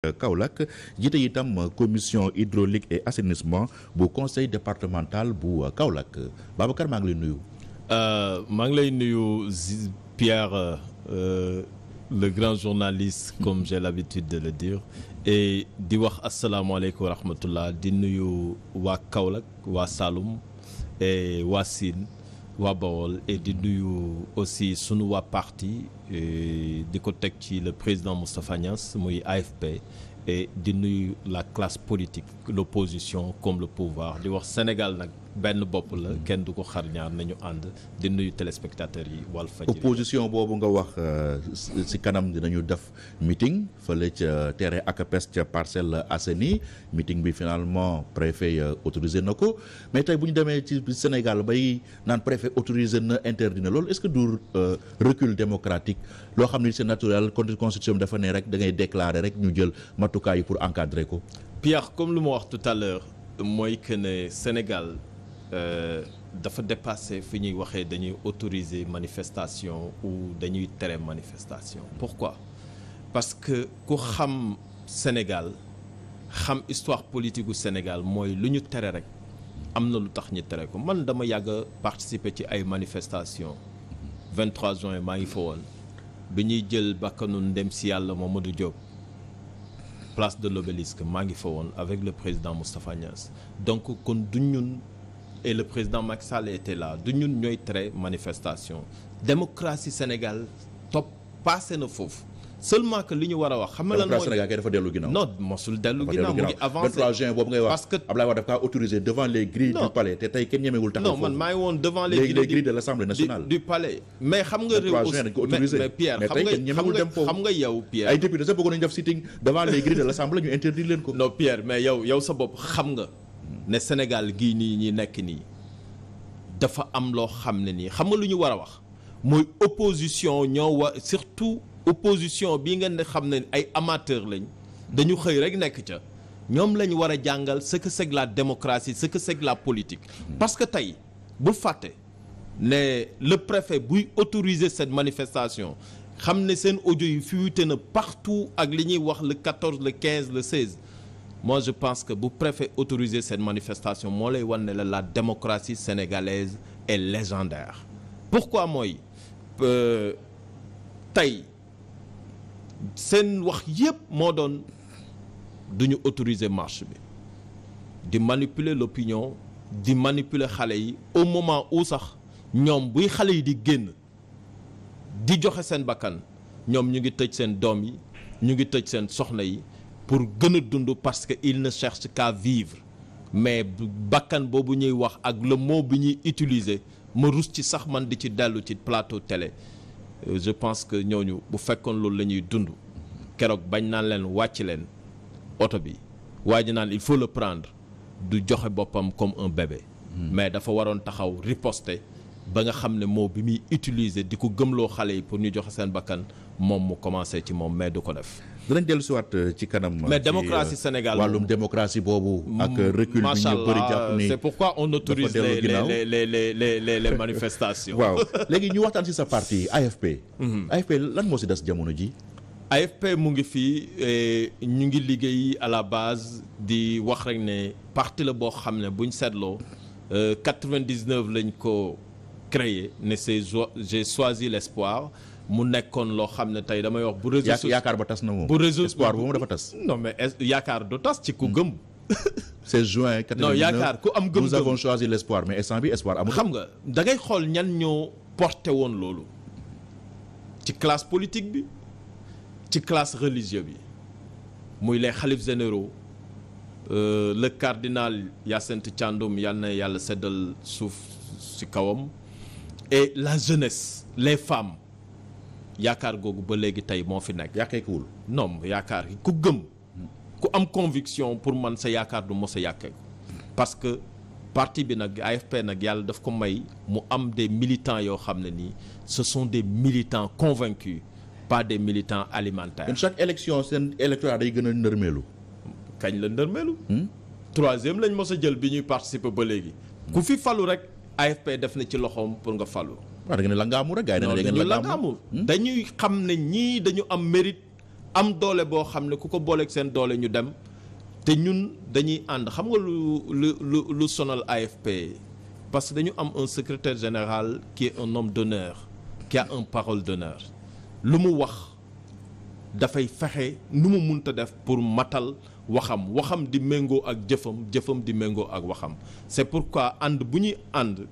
Kaolack jiite itam commission hydraulique et assainissement bu conseil départemental bu Kaolack Babacar maa ngi lay nuyu. Euh, maa ngi lay nuyu Pierre euh, le grand journaliste comme j'ai l'habitude de le dire et di wax asalaamaaleykum wa rahmatullah di nuyu waa Kaolack waa Saloum et waa Sine. waa Bawol et di nuyu aussi sunu waa parti eh, di ko teg ci le président Moustapha Niass muy AFP et di nuyu la classe politique l'opposition comme le pouvoir di wax Sénégal nag benn bopp la kenn du ko xar ñaar nañu ànd di nuyu téléspectateurs yi Walfadjri opposition boobu nga wax euh, si kanam dinañu def meeting fële ca euh, terrain ACAPES ca parcelle Assainies meeting bi finalement préfet euh, autorisé na ko mais tey bu ñu demee ci Sénégal bay naan préfet autorisé na interdit na loolu est-ce que du recul démocratique loo xam ne c'est naturel constitution bi dafa ne rek dangay ngay déclarer rek ñu jël matukaay yi pour encadrer ko. Pierre comme lu ma wax tout mooy que ne Sénégal. Euh, dafa dépasser fi ñuy waxee dañuy autoriser manifestation ou dañuy tere manifestation pourquoi parce que ku xam Sénégal xam histoire politique gu Sénégal mooy lu ñu tere rek am na lu tax ñu tere ko man dama yàgg a ci ay manifestation 23 juin maa ngi fa woon bi ñuy jël bakkanu ndem si yàlla Mamadou Diop place de l'obélisque maa ngi fa woon avec le président Moustapha Niass donc kon du ñun et le président Macky Sall était là du ñun ñooy tere manifestation démocratie Sénégal topp passé na foofu seulement que li ñu war a wax. xam nga lan mooy mosul dellu ginnaaw mu ngi avancé boobu ngay wax. parce que Ablaye Wade dafa autorisé devant les du palais te tey kenn ñemewul taxaw foofu man maa woon devant les de l'Assemblée nationale du palais. mais xam nga réew aussi mais Pierre xam nga xam nga yow Pierre. ay député sax bëggoon nañu def ñu interdire leen ko. xam nga. ne Sénégal gii nii ñi nekk nii dafa am loo xam ne nii xam nga lu ñu war a wax mooy opposition ñoo wa surtout opposition bi nga ne xam ne ay amateur lañ dañu xëy rek nekk ca ñoom lañ war a jàngal ce que c'est que la démocratie ce que la politique parce que tey bul fàtte ne le préfet buy autoriser cette manifestation xam ne seen audio yi fuité na partout ak li ñuy wax le 14 le 15 le 16 mois je pense que bu préfet autoriser seen manifestation moo lay wan ne la la démocratie sénégalaise est légendaire pourquoi mooy euh, tey seen wax yépp moo doon duñu ñu autoriser marche bi di manipuler l'opinion di manipuler xale yi au moment où sax ñoom buy xale yi di génn di joxe seen bakkan ñoom ñu ngi tëj seen doom yi ñu ngi tëj seen soxna yi pour gën a dund parce que il ne cherche qu'à vivre mais bakkan boobu ñuy wax ak le mot bu ñuy utiliser ma rus ci sax man di ci dellu ci plateau télé euh, je pense que ñooñu bu fekkoon loolu la ñuy dund keroog bañ naan leen wàcc leen oto bi waa ji naan il faut le prendre du joxe boppam comme un bébé. Hmm. mais dafa waroon taxaw riposter ba nga xam ne moo bi muy utiliser di ko gëmloo xale yi pour ñu joxe seen bàkkan moom mu commencé ci moom mais du ko def. danañ dellu si waat euh, ci kanam. mais démocratie euh, Sénégal wàllum démocratie boobu. ak euh, recul bi ñu bëri jàpp ni c'est pourquoi on autorise les les les les les les manifestations. waaw léegi ñu waxtaan si sa parti AFP. Mhm. AFP lan moo si des jamono ji. AFP mu ngi fii ñu ngi liggéey à la base di wax rek ne parti la boo xam ne buñ seetloo 99 lañ ko créé ne c'est j'ai choisi l'espoir mu nekkoon loo xam ne tey damay wax bu réseau yaakaar ba tas na moom bu réseau espoir boobu dafa tas non mais yaakaar du tas ci ku hmm. gëm 16 juin 99 non yaakaar ku am gëm-gëm nous avons choisi l' espoir mais instant bi xam nga da ngay xool ñan ñoo porté woon loolu ci classe politique bi ci classe religieuse bi muy les xalif généraux Euh, le cardinal Hyacinthe Thiandoum yal na yàlla seddal suuf ci kawam et la jeunesse les femmes yaakaar googu ba léegi tey moo fi nekk. yàqeekuwul non yaakaar ku gëm. ku am conviction pour man sa yaakaar du mos a parce que parti bi nag AFP nag yàlla daf ko may mu am des militants yoo xam ne nii ce sont des militants convaincus pas des militants alimentaires. kon chaque élection seen électorat day gën a ndërmeelu. kañ la ndërmeelu. Hmm? troisième lañ mos jël bi ñuy participer ba léegi. ku fi falu rek AFP def na ci loxoom pour nga falu. waaw da nga ne langaamu rek. gars yi da nga ne langaamu hmm? dañuy xam ne ñii dañu am mérite am doole boo xam ne ku ko booleeg seen doole ñu dem te ñun dañuy ànd xam nga lu lu lu lu sonal AFP parce que dañu am un secretaire général qui un homme d'honneur qui un parole d'honneur lu mu wax dafay fexe nu mu munta def pour matal waxam waxam di méngoo ak jëfam jëfam di méngoo ak waxam c'est pourquoi ànd bu ñuy ànd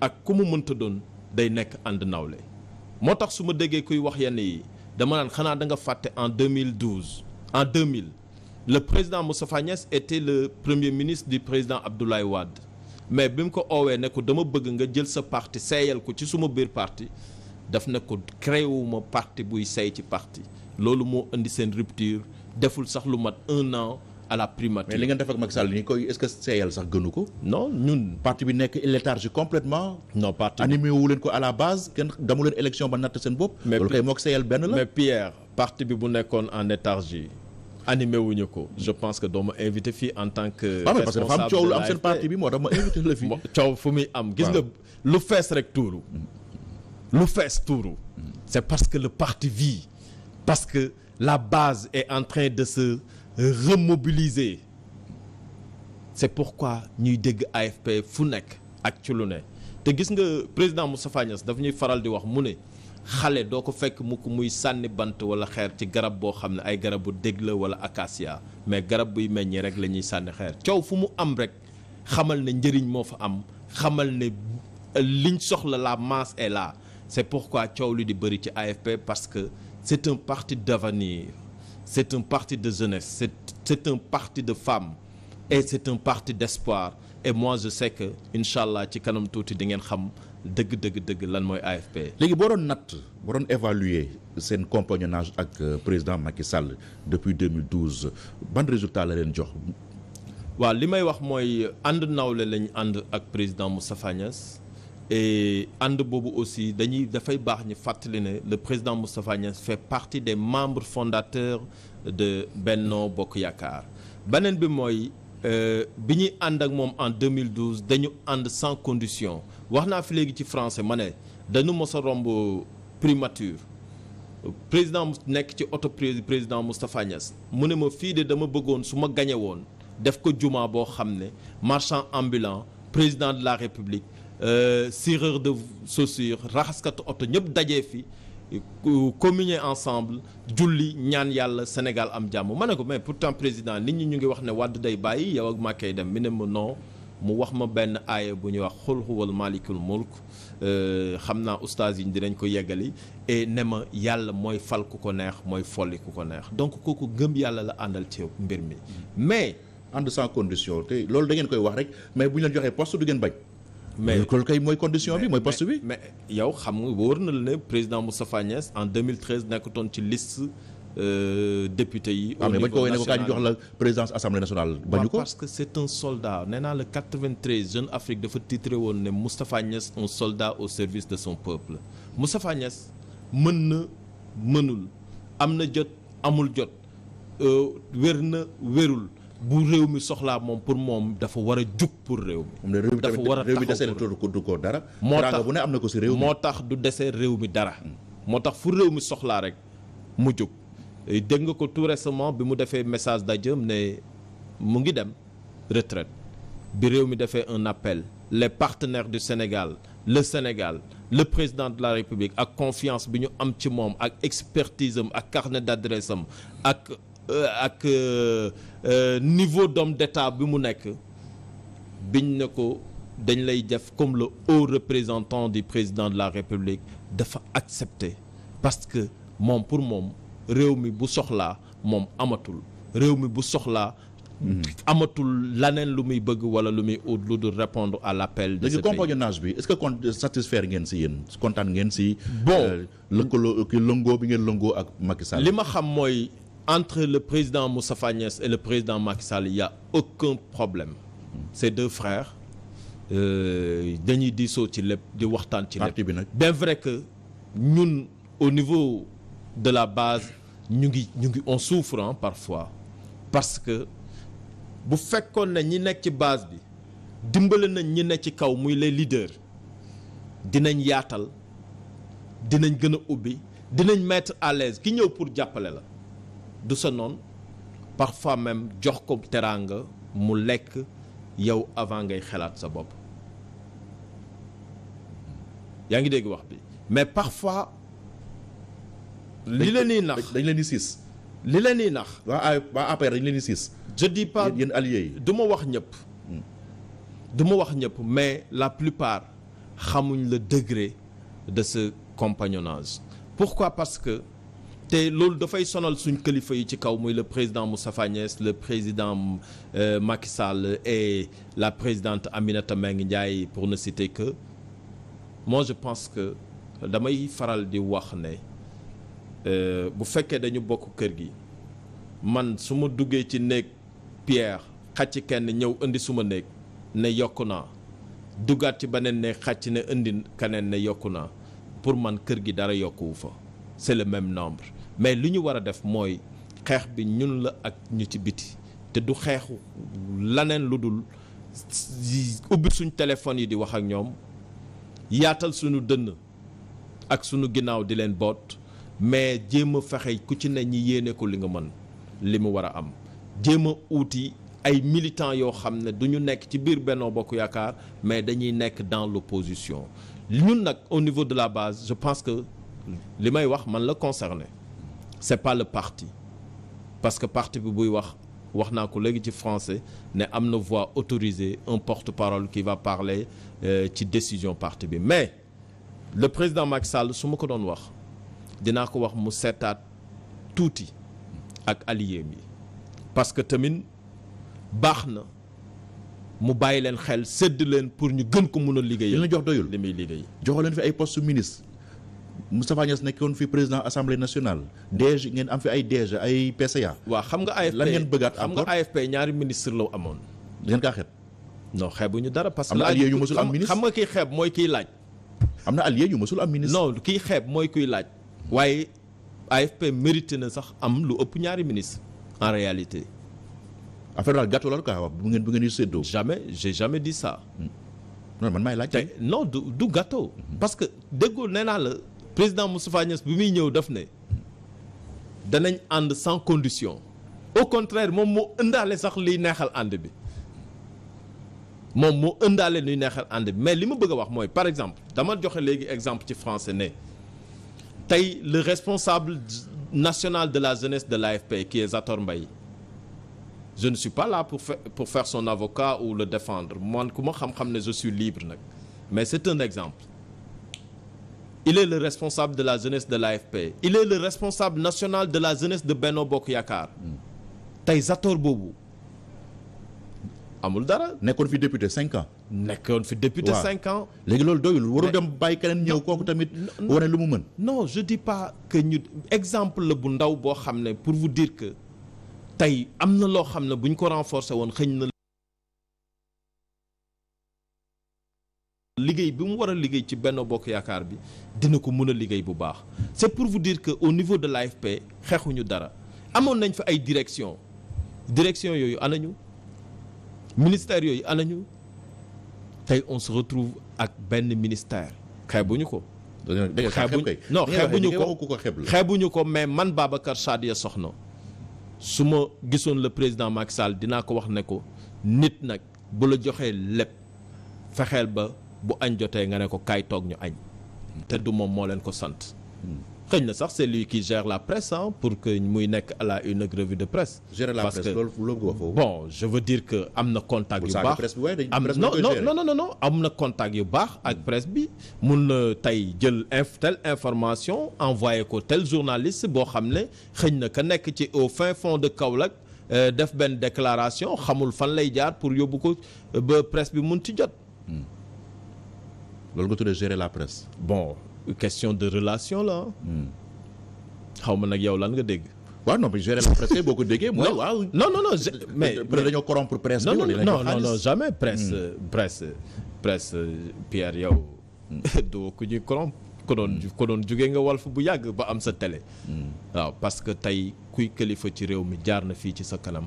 ak ku mu mënta doon day nekk ànd nawle moo tax su ma déggee kuy wax yenn yi dama naan xanaa da nga fàtte en 2012 en 2000 le président Moustapha Niasse était le premier ministre du président Abdoulaye Wade mais bi mu ko oowee ne ko dama bëgg nga jël sa parti seeyal ko ci suma biir parti daf ne ko créé wu ma parti buy seey ci parti loolu moo indi seen rupture deful sax lu mat un an. à la primature. mais li ngeen def ak Macky ni koy est-ce que seeyal sax gënu ko. non ñun. parti bi nekk léthargie complètement non parti animé wu leen ko à la base kenn damu leen élection ba natt seen bopp. mais loolu kay moo ko seeyal benn la. mais Pierre parti bi bu nekkoon en léthargie. animé wuñu ko je pense que doo ma invité fii en tant que. responsable ah, parce que dafa am coow lu am parti bi moo tax ma invité la fii. coow fu muy am. gis nga lu fees rek tuuru. lu fees tuuru. c'est parce que le parti vit. parce que la base est en de se. remobiliser c'est pourquoi ñuy dégg AFP fu nekk ak ci lu ne te gis nga président Moustapha Niass daf ñuy faral di wax mu ne xale doo ko fekk mu ko muy sànni bant wala xeer ci garab boo xam ne ay garabu dég la wala acacia mais garab buy meññee rek la ñuy sànni xeer coow fu mu am rek xamal ne njëriñ moo fa am xamal ne liñ soxla la masse est là c'est pourquoi coow li di bëri ci AFP parce que c'est un parti d'avenir c'est un parti de jeunesse c'est c'est un parti de femme et c'est un parti d'espoir et moi je sais que incha allah ci kanam tuuti di ngeen xam dëgg dëgg dëgg lan mooy AFP. léegi boo doon natt boo doon évaluer seen compagnonnage ak euh, président Macky Sall depuis 2012 ban résultat la leen jox. waaw li may wax mooy ànd nawle lañu ànd ak président Moustapha Niass et ànd boobu aussi dañuy dafay baax ñu fàttali ne le président Moustapha Niass fait partie des membre fondateur de Benno Bokk Yaakaar beneen bi mooy euh, bi ñuy ànd ak moom en 2012 dañu ànd sans condition wax naa fi léegi ci français ma ne dañu mos a romb primature président nekk ci auto président Moustapha mu ne ma fii de dama bëggoon su ma gañe woon def ko juma boo xam ne marchand ambulant président de la république sireur euh, de chaussure raxaskatu oto ñëpp dajee fi communier ensemble julli ñaan yàlla Sénégal am jàmm ma ne ko mais pourtant président nit ñi ñu ngi wax ne wàdd day bàyyi yow ak Macky dem mi ne ma noo mu wax ma benn aaya bu ñuy wax xul xuwal malikul mulk euh, xam naa oustaz yi dinañ ko yeggali ne ma yàlla mooy fal ku ko neex mooy folli ku ko neex donc kooku gëm yàlla la àndal ci mbir mi mais ànd sans condition te loolu da ngeen koy wax rek mais bu ñu la joxee poste du ngeen bañ mais loolu kay mooy condition bi mooy poste bi. mais yow xam nga wóor na la ne président Moustapha Niass en 2013 nekkutoon ci liste euh, député yi. Ah, au niveau national waaw mais bañ ko woowee ne ko kaa ñu jox la présidence assemblée nationale. bañu ko parce que c' est un soldat nee naa la Jeune Afrique dafa titré woon ne Moustapha Niass un soldat au service de son peuple Moustapha Niass mën na mënul am na jot amul jot euh, wér na wérul. bu réew mi soxlaa moom pour moom dafa war a jug pour réew mi. dafa war a taxaw réew mi dese du ko dara. moo tax bu ne am na ko si réew moo tax du dese réew mi dara. moo tax fu réew mi soxlaa rek mu jug dégg nga ko tout récemment bi mu defee message d'adieu ne mu ngi dem retrait bi réew mi defee un appel les partenaire du Sénégal le Sénégal le président de la République ak confiance bi ñu am ci moom ak expertisem ak carnet d'adresse am ak. ak niveau d'homme d'État bi mu nekk biñ ne ko dañ lay def comme le haut représentant du président de la République dafa accepter parce que moom pour moom réew mi bu soxlaa moom amatul réew mi bu soxlaa amatul neen lu muy bëgg wala lu muy ut lu dul répondre à l'appel de ce pays léegi compagnonnage bi est-ce que kon satisfaire ngeen si yéen kontaan ngeen si bon lëkkaloo ki lëngoo bi ngeen lëngoo ak Macky li ma xam mooy entre le président Moustapha Niasse et président Macky Sall il y a aucun problème ces deux frères euh, dañuy diisoo ci lépp di waxtaan ci lépp bien vrai que ñun au niveau de la base ñu ngi ñu ngi on souffre parfois parce que bu fekkoon na ñi nekk ci base bi dimbale nañ ñi nekk ci kaw muy les leaders dinañ yaatal dinañ gën a ubbi dinañ metre à l'aise ki ñëw pour jàppale la du sa noon parfois même jox ko teraanga mu lekk yow avant ngay xalaat sa bopp yaa ngi dégg wax bi mais parfois li leen di nax dañ leen di li leen di nax waa waa APR dañ je dis pas yéen alliés yi du ma wax ñëpp hmm. du ma wax ñëpp mais la plupart xamuñ la degré de ce compagnonnage pourquoi parce que te loolu dafay sonal suñ kilifa yi ci kaw muy le président Moustapha Niasse le président euh, Macky Sall et la présidente Aminata Mbengue Ndiaye pour na citer que moi je pense que damay faral di wax ne euh, bu fekkee dañu bokk kër gi man su ma duggee ci néeg Pierre xàcc kenn ñëw indi suma néeg ne yokk naa duggaat ci beneen néeg xàcc ne indi keneen ne yokku naa pour man kër gi dara yokkuwu fa c'est le même nombre mais li ñu war a def mooy xeex bi ñun la ak ñu ci biti te du xeexu laneen lu dul ubbi suñ téléphone yi di wax ak ñoom yaatal suñu dënn ak suñu ginnaaw di leen boot mais jéem a fexe ku ci ne ñi yéene ko li nga mën li mu war a am jéem a uuti ay militants yoo xam ne duñu nekk ci biir Benno Bokk Yaakaar mais dañuy nekk dans l'opposition ñun nag au niveau de la base je pense que li may wax man la concerné c'est pas le parti parce que parti bi buy wax wax naa ko léegi ci français ne am na voix autorisée un porte-parole qui va parler euh, ci décision parti bi mais le président Macky Sall su ma ko doon wax dinaa ko wax mu seetaat tuuti ak alliés yi parce que tamit baax na mu bàyyi leen xel sedd leen pour ñu gën ko mun a liggéey liggéeyal. dina jox doyul li muy liggéey. joxo leen fi ay poste ministre Moustapha Niass nekkoon fi président assemblée nationale DG ngeen am fi ay DG ay PCA. waaw xam nga AFP lan ngeen bëggaat encore xam nga AFP ñaari ministre la amoon. ngeen kaa xeeb. non xeebuñu dara parce que. am na allié yu mësul am ministre xam nga kiy xeeb mooy kiy laaj. am na allié yu mësul am ministre. non kiy xeeb mooy kuy laaj. waaye AFP mérité na sax am lu ëpp ñaari ministre en réalité. affaire daal gàttu ka quoi bu ngeen bu ngeen di séddoo. jamais j'ai jamais dit ça. Hmm. non man maay laaj. non du du gâteau. Hmm. parce que déggoo nee président Moustapha Niass bi muy ñëw daf ne danañ ànd sans condition au contraire moom moo ëndaale sax liy neexal ànd bi moom moo ëndaale luy neexal ànd bi mais li ma bëgg a wax mooy par exemple dama joxe léegi exemple ci français ne tey le responsable national de la jeunesse de l'AFP qui est mbay Mbaye je ne suis pas là pour faire, pour faire son avocat ou le défendre man ku ma xam-xam ne je libre nag mais c'est un exemple il est le responsable de la jeunesse de l'AFP il est le responsable national de la jeunesse de Benno Bokk Yaakaar tey Zator boobu amul dara. nekkoon fi député cinq ans. nekkoon fi député cinq ans. léegi loolu doyul warul dem bàyyi keneen ñëw kooku tamit. wane lu mu mën. non je dis pas que ñu exemple la bu ndaw boo xam ne pour vous dire que tey am na loo xam ne bu ñu ko renforcer woon xëñ na. liggéey bi mu war a liggéey ci benn bokk yaakaar bi dina ko mun a liggéey bu baax c'est pour vous dire que au niveau de l'AFP xeexuñu dara amoon nañ fa ay direction direction yooyu anañu ministère yooyu anañu tey on se retrouve ak benn ministère xeebuñu ko xeebuñ non xeebuñu ko xeebuñu ko mais man Babacar Sadia Soxna su ma gisoon le président Macky Sall dinaa ko wax ne ko nit nag bu la joxee lépp fexeel ba bu añ jotee nga ne ko kaay toog ñu añ te du moom moo leen ko sant xëy na sax c'est lui qui gère la presse pour que muy nekk à la une revue de presse. gérer la presse loolu loolu nga foofu. bon je veux dire que am na contact yu baax am non non non non am na contact yu baax ak hmm. presse bi mun na tey jël inf information envoyé ko tel journaliste boo xam ne xëñ na ka nekk ci au fin fond de Kaolack euh, def benn déclaration xamul fan lay jaar pour yóbbu ko euh, ba presse bi mun ti jot. loolu nga tuddee gérer la presse. bon question de relation la hmm. xaw ma nag yow lan nga dégg. waaw non mais gérer la presse boo ko déggee. mooy waaw non non non. mais dañoo corrompre presse. non non non jamais presse. Hmm. presse presse Pierre yow. Hmm. doo ku ñuy corrompre. ko doon ko doon jógee nga Walf bu yàgg ba am sa tele waaw parce que tey kuy kilifa ci réew mi jaar na fii ci sa kanam.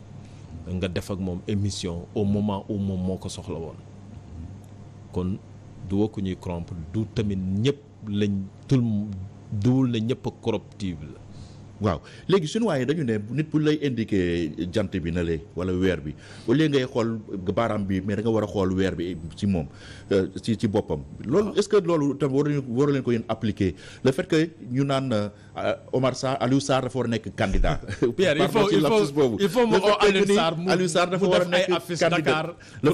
nga def ak moom émission au moment au moom moo ko soxla woon du woo ku ñuy corrompre du tamit ñëpp lañ tout du la ñëpp a corruptible waaw léegi chinois yi dañu ne nit bu lay indiquer jant bi na lee wala weer bi au lieu ngay xool baaraam bi mais da nga war a xool weer bi ci moom euh, ci ci boppam. loolu est-ce que loolu tam waruñu waru leen ko yéen appliquer le fait ñu naan euh, war a nekk candidat. Pierre il faut il faut il faut a nekk candidat le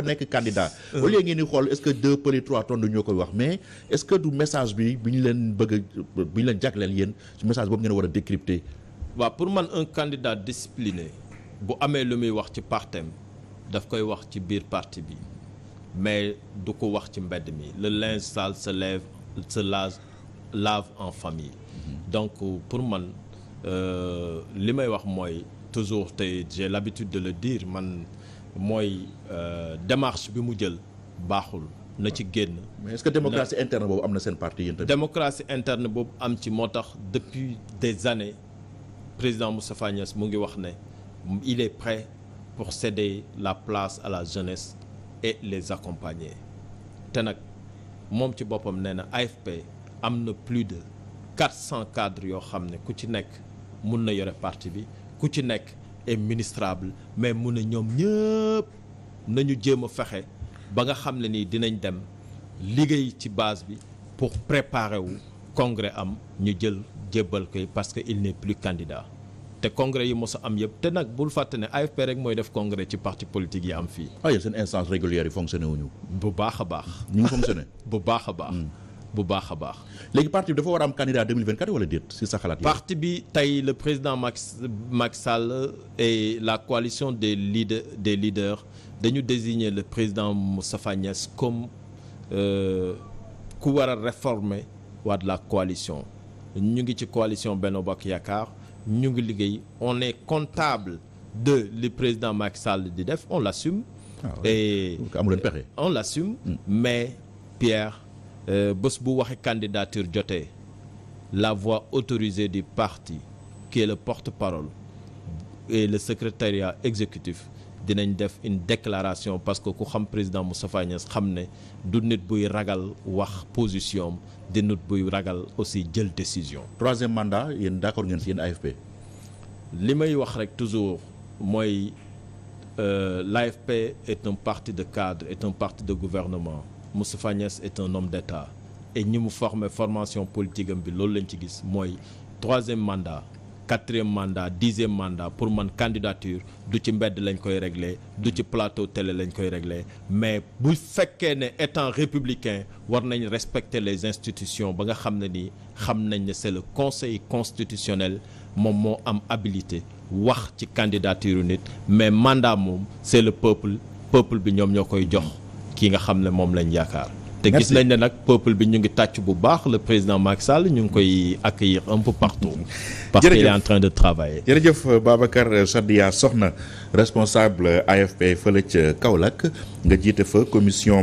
a nekk candidat. au lieu ngeen xool est-ce que deux pëli trois tonnes ñoo koy wax mais est-ce que du message bi bu ñu leen bëgg bi ñu leen jagleel yéen message boobu ngeen war a décrypter. waaw pour man un candidat discipliné bu amee lu muy wax ci partem daf koy wax ci biir parti bi mais du ko wax ci mbedd mi le linge sale se lève se lave lave en famille. Mm-hmm. donc pour man euh, li may wax mooy toujours tey j'ai l'habitude de le dire man mooy euh, démarche bi mu jël baaxul. na ci génn. mais est-ce que démocratie interne boobu am na seen parti yéen tamit. démocratie interne boobu am ci moo tax depuis des années président Moustapha Niasse mu ngi wax ne il est prêt pour céder la place à la jeunesse et les accompagner te nag moom ci boppam nee na AFP am na plus de quatre cent cadres yoo xam ne ku ci nekk mun na yore partie bi ku ci nekk est ministrable mais mun na ñoom ñëpp nañu jéem a fexe. ba nga xam ne nii dinañ dem liggéey ci base bi pour préparer wu congrès am ñu jël jébbal koy parce que il n'est plus candidat te congrès yi mos am yëpp te nag bul fàtte ne AFP rek mooy def congrès ci parti politique yi am fii. ah yéen seen instance régulière yi fonctionné wuñu bu baax a baax. ñu ngi bu baax a baax. Hmm. bu baax a baax. léegi parti bi dafa war a am candidat 2024 wala déet si parti bi tey le président Macky Sall et la coalition des leaders des leaders dañu désigner le président Moustapha Niasse comme euh, ku war a réformer waat la coalition ñu ngi ci coalition benn Bokk Yaakaar ñu ngi liggéey on est comptable de li président Macky Sall di def on l'assume. Ah ouais. et on l'assume. Mm. mais Pierre. Euh, bés bu waxee candidature jotee la voix autorisée du parti qui la porte-parole et le secrétariat exécutif dinañ def une déclaration parce que ku xam président Moustapha Niass xam ne du nit buy ragal wax position am di nit buy ragal aussi jël décision. troisième mandat yéen d'accord ngeen si yéen AFP. li may wax rek toujours mooy euh, l'AFP est un parti de cadre est un parti de gouvernement. Moustapha Niass est un homme d'État et ñi mu formé formation politique bi loolu lañ ci gis mooy troisième mandat quatrième mandat dixième mandat pour man candidature du ci mbedd lañ koy régler du ci plateau télé lañ koy régler mais bu fekkee ne étant républicain war nañ respecter les institutions ba nga xam ne ni xam nañ ne c'est le conseil constitutionnel moom moo am abilité wax ci candidature nit mais mandat moom c'est le peuple peuple bi ñoom ñoo koy jox ki nga xam ne moom lañ yaakaar. te gis lañ ne nag peuple bi ñu ngi tàcc bu baax la président Macky Sall ñu ngi koy accueillir un peu partout. parce qu'il est en train de travailler. jërëjëf Babacar Sadia Soxna responsable AFP fële ca Kaolack nga jiite fa commission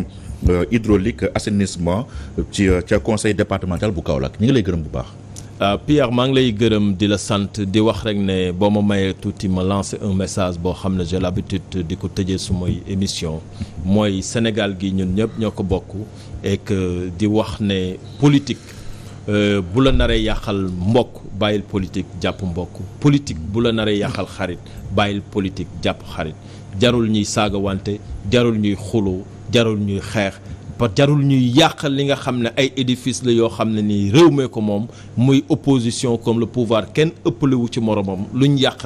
euh, hydraulique assainissement euh, ci euh, ca conseil départemental bu Kaolack ñu ngi lay gërëm bu baax. Uh, Pierre maa ngi lay gërëm di la sant di wax rek ne boo ma mayee tuuti ma lancer un message boo xam ne j'ai l'habitude di ko tëjee sumay émission mooy Sénégal gi ñun ñëpp ñoo ko bokk et di wax ne politique euh, bu la naree yàqal mbokk bàyyil politique jàpp mbokk politique bu la naree yàqal xarit bàyyil politique jàpp xarit jarul ñuy saaga wante jarul ñuy xuloo jarul ñuy xeex ba jarul ñuy yàq li nga xam ne ay édifice la yoo xam ne nii réew mee ko moom muy opposition comme le pouvoir kenn ëppalewu ci moromam luñ yàq